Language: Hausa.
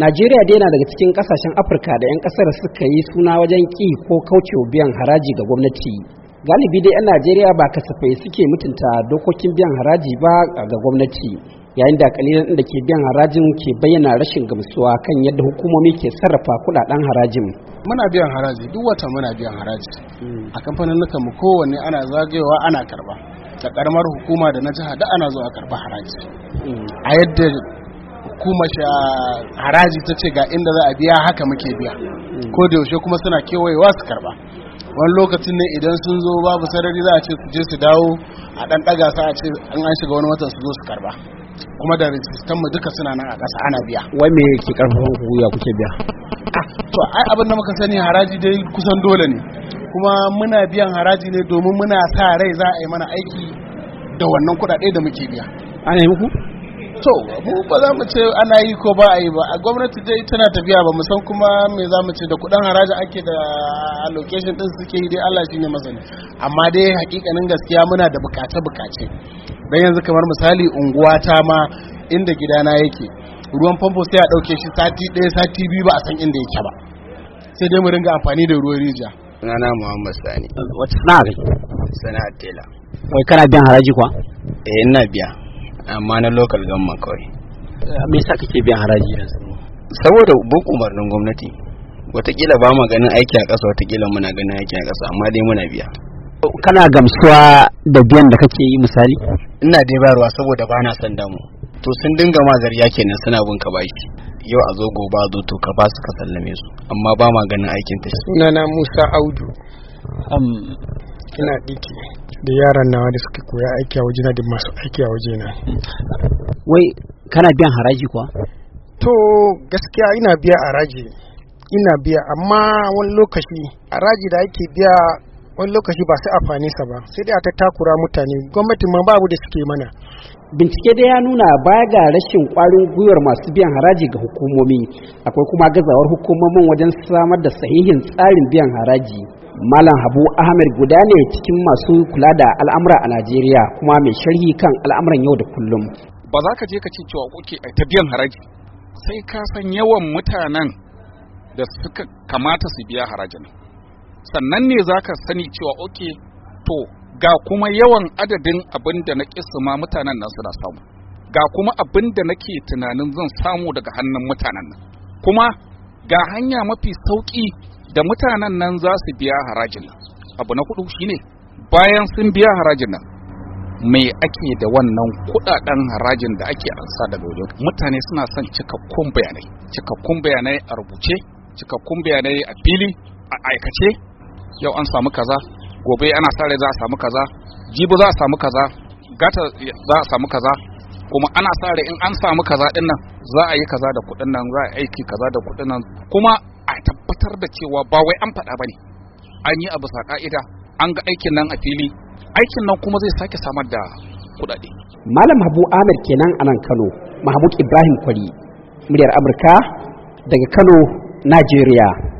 Najeriya dai na daga cikin kasashen Afirka da 'yan kasar suka yi suna wajen ki ko kaucewa biyan haraji ga gwamnati. Galibi dai 'yan Najeriya ba kasafai suke mutunta dokokin biyan haraji ba ga gwamnati. Yayin da kalilan da ke biyan harajin ke bayyana rashin gamsuwa kan yadda hukumomi ke sarrafa kudaden harajin. Muna biyan haraji duk wata muna biyan haraji. Hmm. A kamfanin mu kowanne ana zagayowa ana karba. Da karamar hukuma da na jiha da ana zuwa karba haraji. Hmm. A yadda hukumar haraji ta ce ga inda za a biya haka muke biya hmm. ko da yaushe kuma suna kewayewa su karba wani lokacin ne idan sun zo babu sarari za a ce su je su dawo a dan daga sa a ce an an shiga wani watan su zo su karba kuma da rijistan mu duka suna nan a ƙasa ana biya wai me yake karfafan ku ya kuke biya ah, to ai abin da muka sani haraji dai kusan dole ne kuma muna biyan haraji ne domin muna sa rai za a yi mana aiki da wannan kuɗaɗe da muke biya ana yi muku to mu ba za mu ce ana yi ko ba a yi ba a gwamnati dai tana tafiya ba mu san kuma me za mu ce da kudin haraji ake da allocation din suke yi dai Allah shine masani amma dai hakikanin gaskiya muna da bukace bukace dan yanzu kamar misali unguwa ta ma inda gidana yake ruwan famfo sai a dauke shi sati ɗaya sati biyu ba a san inda yake ba sai dai mu ringa amfani da ruwan rijiya sunana Muhammad Sani wata sana'a sana'a tela wai kana biyan haraji kuwa eh ina biya amma na lokal government kawai eh, me yasa kake biyan haraji yanzu saboda bin umarnin gwamnati watakila ba mu ganin aiki a ƙasa watakila muna ganin aiki a ƙasa amma dai muna biya kana gamsuwa da biyan da kake yi misali ina dai bayarwa saboda ba na son damu to sun dinga ma zarya kenan suna bin ka bashi yau a zo gobe a zo to ka ba su ka sallame su amma ba ma ganin aikin ta sunana Musa Audu ina diki. da yaran nawa da suke koya aiki a wajena da masu aiki a wajena wai kana biyan haraji kuwa to gaskiya ina biya haraji ina biya amma wani lokaci haraji da ake biya wani lokaci ba sai amfani sa ba sai dai a ta takura mutane gwamnati ma babu da suke mana bincike da ya nuna baya ga rashin kwarin gwiwar masu biyan haraji ga hukumomi akwai kuma gazawar hukumomin wajen samar da sahihin tsarin biyan haraji Malam Habu Ahmed guda ne cikin masu kula da al'amura a Najeriya kuma mai sharhi kan al'amuran yau da kullum. Ba za ka je ka ce cewa kuke a ta biyan haraji sai ka san yawan mutanen da suka kamata su biya harajin. Sannan ne za ka sani cewa oke to ga kuma yawan adadin abin da na ma mutanen nan suna samu. Ga kuma abin da nake tunanin zan samu daga hannun mutanen nan. Kuma ga hanya mafi sauƙi da mutanen nan za su biya harajin nan abu na kudu shine bayan sun biya harajin nan me ake da wannan kudaden harajin da ake ansa daga wajen mutane suna son cikakkun bayanai cikakkun bayanai a rubuce cikakkun bayanai a fili a aikace yau an samu kaza gobe ana sare za a samu kaza Jibu za a samu kaza gata za a samu kaza kuma ana sare in an samu kaza din nan za a yi kaza da kudin nan za a aiki kaza da kudin nan kuma tabbatar da cewa ba wai an faɗa ba ne an yi abu ka'ida an ga aikin nan a fili aikin nan kuma zai sake samar da kuɗaɗe malam habu amir kenan a nan kano mahmud ibrahim kwari muryar amurka daga kano najeriya